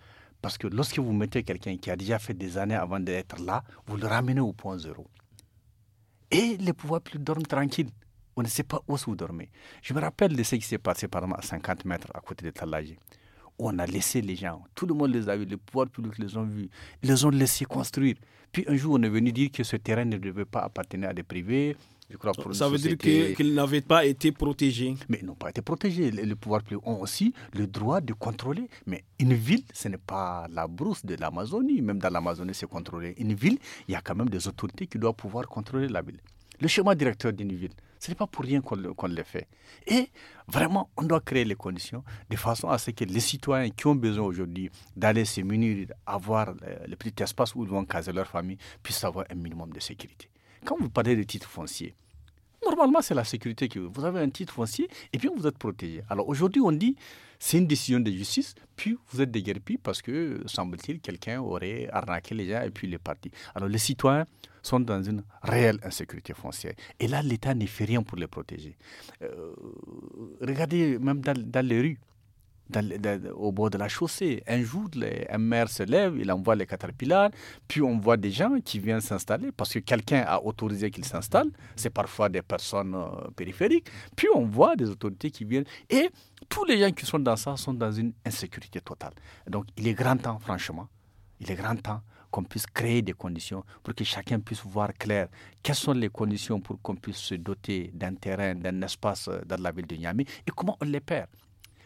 S4: parce que lorsque vous mettez quelqu'un qui a déjà fait des années avant d'être là, vous le ramenez au point zéro. Et les pouvoirs publics dorment tranquilles. On ne sait pas où vous dormez. Je me rappelle de ce qui s'est passé par exemple, à 50 mètres à côté de Talagé. On a laissé les gens, tout le monde les a vus, les pouvoirs publics les ont vus, ils les ont laissés construire. Puis un jour, on est venu dire que ce terrain ne devait pas appartenir à des privés, ça veut dire qu'ils n'avaient pas été protégés. Mais ils n'ont pas été protégés. Les, les pouvoirs publics ont aussi le droit de contrôler. Mais une ville, ce n'est pas la brousse de l'Amazonie. Même dans l'Amazonie, c'est contrôlé. Une ville, il y a quand même des autorités qui doivent pouvoir contrôler la ville. Le chemin directeur d'une ville, ce n'est pas pour rien qu'on le, fait. Et vraiment, on doit créer les conditions de façon à ce que les citoyens qui ont besoin aujourd'hui d'aller se munir, avoir le petit espace où ils vont caser leur famille, puissent avoir un minimum de sécurité. Quand vous parlez de titres fonciers, normalement, c'est la sécurité que vous avez un titre foncier et bien vous êtes protégé. Alors aujourd'hui, on dit c'est une décision de justice, puis vous êtes déguerpis parce que, semble-t-il, quelqu'un aurait arnaqué les gens et puis les parti Alors les citoyens sont dans une réelle insécurité foncière. Et là, l'État ne fait rien pour les protéger. Euh, regardez, même dans, les rues, au bord de la chaussée. Un jour, les, un maire se lève, il envoie les caterpillars, puis on voit des gens qui viennent s'installer parce que quelqu'un a autorisé qu'ils s'installent. C'est parfois des personnes euh, périphériques. Puis on voit des autorités qui viennent. Et tous les gens qui sont dans ça sont dans une insécurité totale. Donc il est grand temps, franchement, il est grand temps qu'on puisse créer des conditions pour que chacun puisse voir clair quelles sont les conditions pour qu'on puisse se doter d'un terrain, d'un espace euh, dans la ville de Niamey et comment on les perd.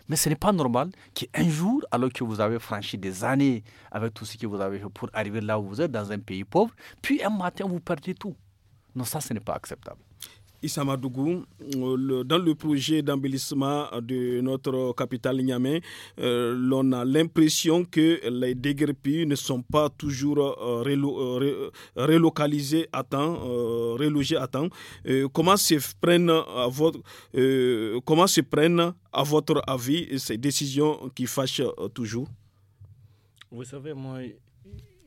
S4: Mais ce n'est pas normal qu'un jour, alors que vous avez franchi des années avec tout ce que vous avez fait pour arriver là où vous êtes, dans un pays pauvre, puis un matin, vous perdez tout. Non, ça, ce n'est pas acceptable. Isamadougou, euh, dans le
S1: projet d'embellissement de notre capitale Niamey, euh, l'on a l'impression que les déguerpis ne sont pas toujours euh, relocalisés à temps, relogés à temps. comment se prennent à votre, comment se prennent à votre avis ces décisions qui fâchent toujours
S3: Vous savez, moi,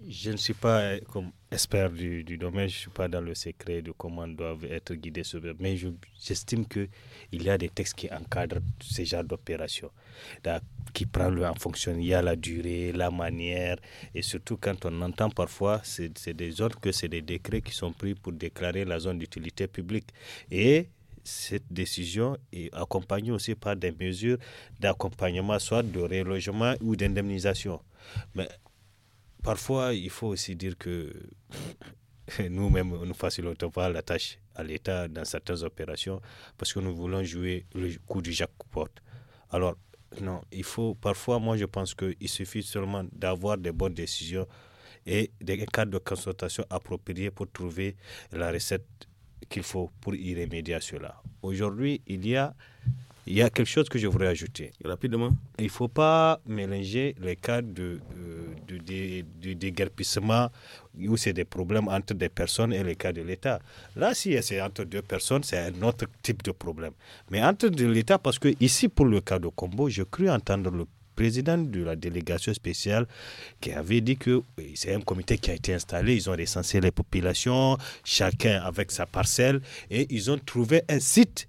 S3: je ne suis pas euh, comme expert du, domaine, je ne suis pas dans le secret de comment doivent être guidés ce mais j'estime qu'il y a des textes qui encadrent ce genre d'opération, qui prend le en fonction. Il y a la durée, la manière, et surtout quand on entend parfois, c'est des ordres que c'est des décrets qui sont pris pour déclarer la zone d'utilité publique. Et cette décision est accompagnée aussi par des mesures d'accompagnement, soit de relogement ou d'indemnisation. Mais Parfois, il faut aussi dire que nous-mêmes, nous facilitons pas la tâche à l'État dans certaines opérations parce que nous voulons jouer le coup du jackpot. Alors, non, il faut, parfois, moi je pense qu'il suffit seulement d'avoir des bonnes décisions et des cadres de consultation appropriés pour trouver la recette qu'il faut pour y remédier à cela. Aujourd'hui, il y a il y a quelque chose que je voudrais ajouter. Rapidement. Il ne faut pas mélanger les cas de, euh, de, déguerpissement où c'est des problèmes entre des personnes et les cas de l'État. Là, si c'est entre deux personnes, c'est un autre type de problème. Mais entre de l'État, parce que ici, pour le cas de Combo, je crus entendre le président de la délégation spéciale qui avait dit que c'est un comité qui a été installé, ils ont recensé les populations, chacun avec sa parcelle, et ils ont trouvé un site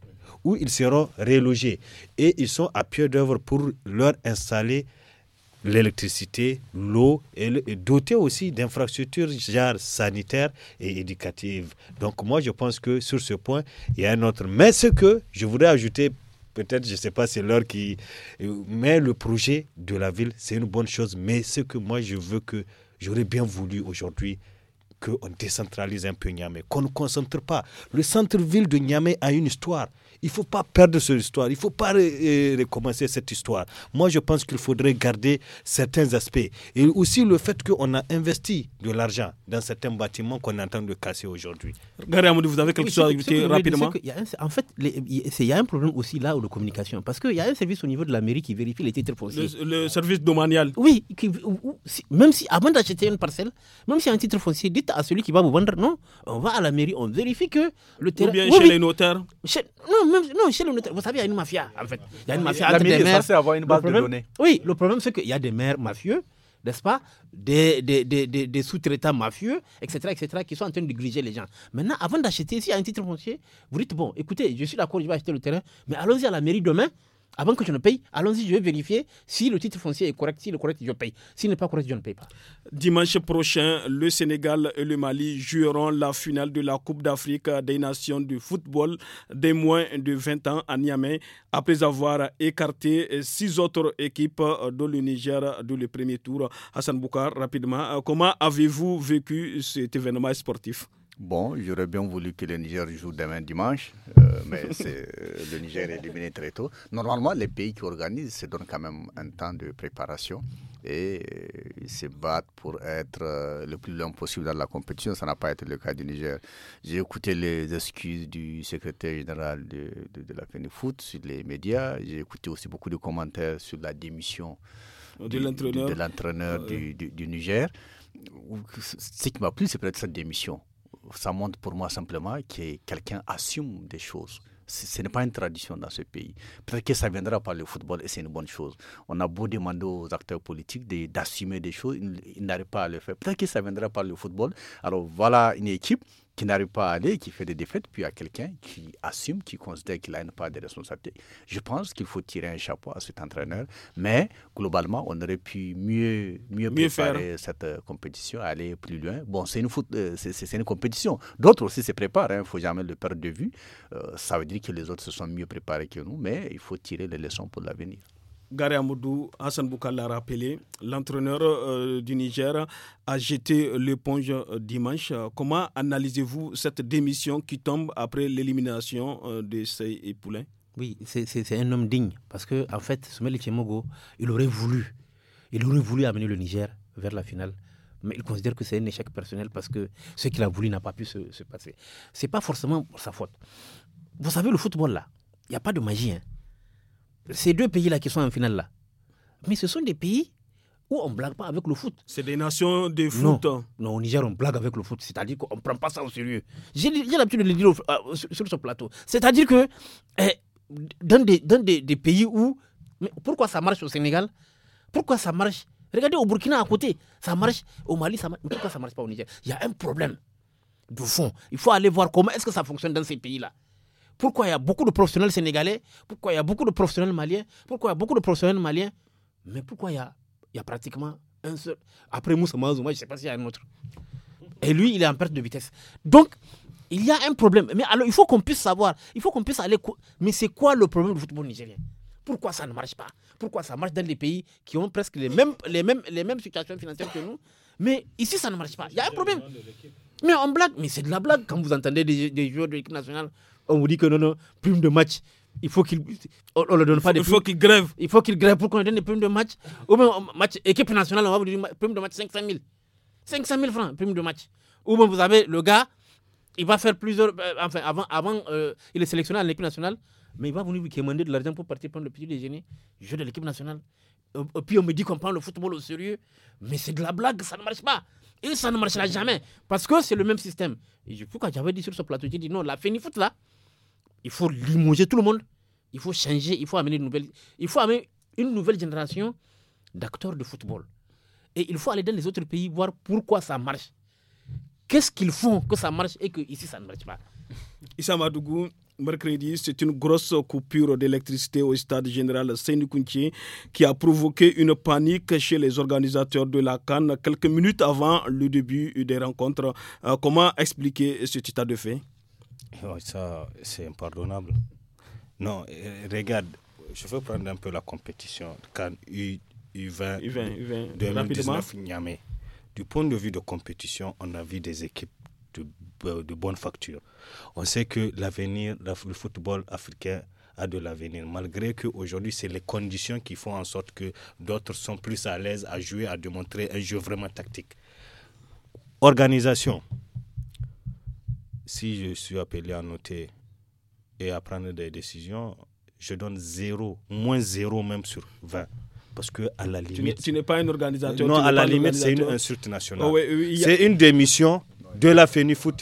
S3: où ils seront relogés. Et ils sont à pied d'œuvre pour leur installer l'électricité, l'eau et, doter aussi d'infrastructures sanitaires et éducatives. Donc moi je pense que sur ce point, il y a un autre. Mais ce que je voudrais ajouter peut-être, je ne sais pas, c'est l'heure qui. met le projet de la ville, c'est une bonne chose. Mais ce que moi, je veux que. J'aurais bien voulu aujourd'hui qu'on décentralise un peu Niamey, qu'on ne concentre pas. Le centre-ville de Niamey a une histoire. Il ne faut pas perdre cette histoire. Il ne faut pas euh, recommencer cette histoire. Moi, je pense qu'il faudrait garder certains aspects. Et aussi le fait qu'on a investi de l'argent dans certains bâtiments qu'on est en train de
S1: casser aujourd'hui.
S3: vous avez quelque chose à ajouter rapidement
S2: En fait, il y a un problème aussi là où de communication. Parce qu'il y a un service au niveau de la mairie qui vérifie les titres fonciers. Le, service domanial. Oui, même si avant d'acheter une parcelle, même si un titre foncier, dites à celui qui va vous vendre, non, on va à la mairie, on vérifie que le terrain. Ou bien chez les notaires non, même, non, chez les notaires. Vous savez, il y a une mafia, en fait. Il y a une mafia la mairie des maires. avoir une base de données. Oui, le problème, c'est qu'il y a des maires mafieux, n'est-ce pas Des, des, des, des, sous-traitants mafieux, etc., etc., qui sont en train de griger les gens. Maintenant, avant d'acheter, s'il y a un titre foncier, vous dites, bon, écoutez, je suis d'accord, je vais acheter le terrain, mais allons-y à la mairie demain. Avant que je ne paye, allons-y, je vais vérifier si le titre foncier est correct. Si le correct, je paye. S'il n'est pas correct, je ne paye pas. Dimanche prochain, le Sénégal et le Mali joueront la
S1: finale de la Coupe d'Afrique des Nations du football des moins de 20 ans à Niamey, après avoir écarté six autres équipes, de le Niger, de le premier tour. Hassan Boukar, rapidement, comment avez-vous vécu cet événement sportif
S4: Bon, j'aurais bien voulu que le Niger joue demain dimanche, euh, mais euh, le Niger est éliminé très tôt. Normalement, les pays qui organisent se donnent quand même un temps de préparation et euh, se battent pour être le plus long possible dans la compétition. Ça n'a pas été le cas du Niger. J'ai écouté les excuses du secrétaire général de, la de la sur les médias. J'ai écouté aussi beaucoup de commentaires sur la démission de l'entraîneur ah du, du Niger. Ce qui m'a plu, c'est peut-être cette démission ça montre pour moi simplement que quelqu'un assume des choses. Ce n'est pas une tradition dans ce pays. Peut-être que ça viendra par le football et c'est une bonne chose. On a beau demander aux acteurs politiques d'assumer des choses, ils n'arrivent pas à le faire. Peut-être que ça viendra par le football. Alors voilà une équipe qui n'arrive pas à aller, qui fait des défaites, puis à quelqu'un qui assume, qui considère qu'il a une part de responsabilité. Je pense qu'il faut tirer un chapeau à cet entraîneur, mais globalement, on aurait pu mieux, mieux, préparer faire. cette euh, compétition, aller plus loin. Bon, c'est une, euh, c'est, compétition. D'autres aussi se préparent, il hein. ne faut jamais le perdre de vue. Euh, ça veut dire que les autres se sont mieux préparés que nous, mais il faut tirer les leçons pour l'avenir.
S1: Gary Amoudou, Hassan Boukal l'a rappelé, l'entraîneur euh, du Niger a jeté l'éponge euh, dimanche. Comment
S2: analysez-vous cette démission qui tombe après l'élimination euh, de de et poulain Oui, c'est un homme digne parce que en fait, Soumel Tchemogo, il aurait voulu, il aurait voulu amener le Niger vers la finale. Mais il considère que c'est un échec personnel parce que ce qu'il a voulu n'a pas pu se, passer. Ce n'est pas forcément sa faute. Vous savez, le football, là, il n'y a pas de magie. Hein ces deux pays-là qui sont en finale là, mais ce sont des pays où on ne blague pas avec le foot. C'est des nations de foot. Hein. Non, au Niger, on blague avec le foot. C'est-à-dire qu'on ne prend pas ça au sérieux. J'ai l'habitude de le dire euh, sur, ce plateau. C'est-à-dire que eh, dans, des, des, pays où. Mais pourquoi ça marche au Sénégal Pourquoi ça marche Regardez au Burkina à côté, ça marche. Au Mali, ça marche. Mais pourquoi ça ne marche pas au Niger Il y a un problème de fond. Il faut aller voir comment est-ce que ça fonctionne dans ces pays-là. Pourquoi il y a beaucoup de professionnels sénégalais Pourquoi il y a beaucoup de professionnels maliens Pourquoi il y a beaucoup de professionnels maliens Mais pourquoi il y a, pratiquement un seul Après Moussa Mazouma, je ne sais pas s'il y a un autre. Et lui, il est en perte de vitesse. Donc, il y a un problème. Mais alors, il faut qu'on puisse savoir, il faut qu'on puisse aller. Mais c'est quoi le problème du football nigérien Pourquoi ça ne marche pas Pourquoi ça marche dans des pays qui ont presque les mêmes, les mêmes, les mêmes situations financières que nous Mais ici, ça ne marche pas. Il y a un problème. Mais en blague, mais c'est de la blague quand vous entendez des joueurs de l'équipe nationale on vous dit que non, non, prime de match. Il faut qu'il. On, le donne pas Il faut qu'il grève. Il faut qu'il grève pour qu'on donne des prime de match. Ou même, match, équipe nationale, on va vous dire prime de match 500 000. 500 000 francs, prime de match. Ou même, vous avez le gars, il va faire plusieurs. Euh, enfin, avant, avant euh, il est sélectionné à l'équipe nationale, mais il va venir lui demander de l'argent pour partir prendre le petit déjeuner, jeu de l'équipe nationale. Et puis on me dit qu'on prend le football au sérieux, mais c'est de la blague, ça ne marche pas. Et ça ne marchera jamais, parce que c'est le même système. Et quand j'avais dit sur ce plateau, j'ai dit non, la foot là, il faut limoger tout le monde. Il faut changer. Il faut amener une nouvelle, génération d'acteurs de football. Et il faut aller dans les autres pays voir pourquoi ça marche. Qu'est-ce qu'ils font que ça marche et que ici ça ne marche pas.
S1: Issa Madougou, mercredi, c'est une grosse coupure d'électricité au stade général saint Sénikountié qui a provoqué une panique chez les organisateurs de la Cannes quelques minutes avant le début des rencontres. Euh, comment expliquer ce état de fait
S3: Oh, ça, c'est impardonnable. Non, eh, regarde, je veux prendre un peu la compétition. Quand U, 20 20 2019 Du point de vue de compétition, on a vu des équipes de, euh, de bonne facture. On sait que l'avenir, le football africain a de l'avenir, malgré qu'aujourd'hui, c'est les conditions qui font en sorte que d'autres sont plus à l'aise à jouer, à démontrer un jeu vraiment tactique. Organisation si je suis appelé à noter et à prendre des décisions, je donne zéro, moins zéro même sur 20 parce que à la limite. Tu n'es pas un organisateur. Non, à la limite, c'est une insulte nationale. Oh, c'est une démission de la FENIFOOT.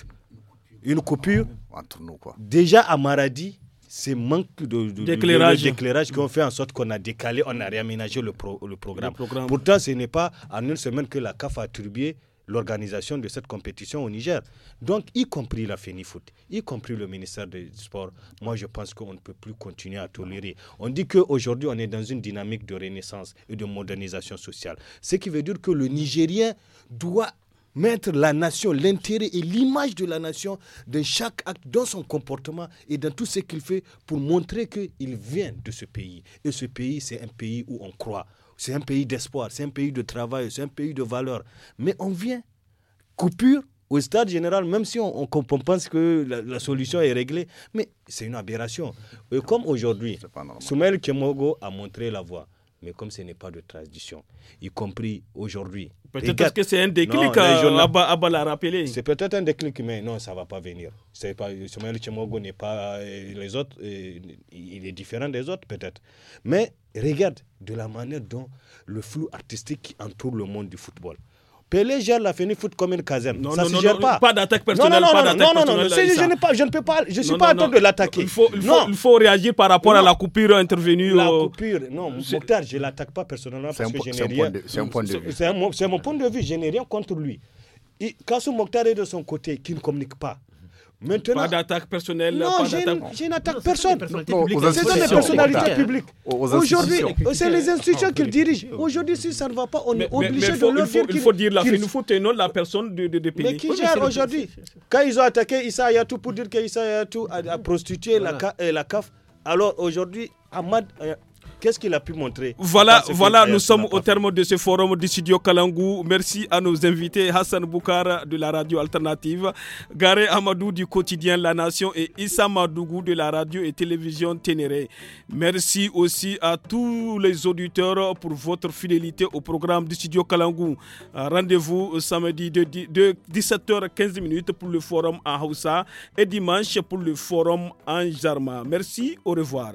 S3: Une coupure. Entre nous, quoi. Déjà à Maradi, c'est manque d'éclairage de, de, d'éclairage qui ont fait en sorte qu'on a décalé, on a réaménagé le, le, programme. le programme. Pourtant, ce n'est pas en une semaine que la CAF a attribué l'organisation de cette compétition au Niger. Donc, y compris la Foot, y compris le ministère des Sports, moi je pense qu'on ne peut plus continuer à tolérer. On dit qu'aujourd'hui, on est dans une dynamique de renaissance et de modernisation sociale. Ce qui veut dire que le Nigérien doit mettre la nation, l'intérêt et l'image de la nation dans chaque acte, dans son comportement et dans tout ce qu'il fait pour montrer qu'il vient de ce pays. Et ce pays, c'est un pays où on croit c'est un pays d'espoir, c'est un pays de travail, c'est un pays de valeur. Mais on vient, coupure, au stade général, même si on, pense que la, solution est réglée, mais c'est une aberration. Et comme aujourd'hui, que Kemogo a montré la voie. Mais comme ce n'est pas de tradition, y compris aujourd'hui. Peut-être que c'est un déclic euh, Abba l'a rappelé. C'est peut-être un déclic, mais non, ça ne va pas venir. Pas, Samuel n'est pas euh, les autres, euh, il est différent des autres peut-être. Mais regarde de la manière dont le flou artistique entoure le monde du football. Pelé gère la foot comme une caserne. Non, ça ne gère non, pas. Pas d'attaque personnelle. Non, non, pas non, non, non, je, ne
S1: pas, je ne peux pas, je suis pas en train de l'attaquer. Il faut, il, faut, il faut réagir par rapport à la coupure intervenue. La coupure, non, Mokhtar, je l'attaque pas personnellement parce que je n'ai rien. C'est un point de vue.
S3: C'est mon point de vue, je n'ai rien contre lui. Kassou Mokhtar est de son côté, qui ne communique pas.
S1: Maintenant, pas d'attaque personnelle. Non, j'ai
S3: une attaque personne. C'est dans les personnalités publiques. Aujourd'hui, c'est les ah, institutions ah, qu'ils dirigent. Aujourd'hui, si ça ne va pas, on est obligé de leur Il faut dire la fin. Il faut
S1: tenir la personne de pays. Mais qui gère aujourd'hui
S3: Quand ils ont attaqué Issa Yatou pour dire que Issa Yatou a prostitué la CAF, alors aujourd'hui, Ahmad euh, Qu'est-ce qu'il a pu montrer Voilà, voilà nous sommes au
S1: terme de ce forum du studio Kalangou. Merci à nos invités Hassan boukar de la radio alternative, Garé Amadou du quotidien La Nation et Issa Madougou de la radio et télévision Ténéré. Merci aussi à tous les auditeurs pour votre fidélité au programme du studio Kalangou. Rendez-vous samedi de, 17h15 pour le forum en Hausa et dimanche pour le forum en Jarma. Merci, au revoir.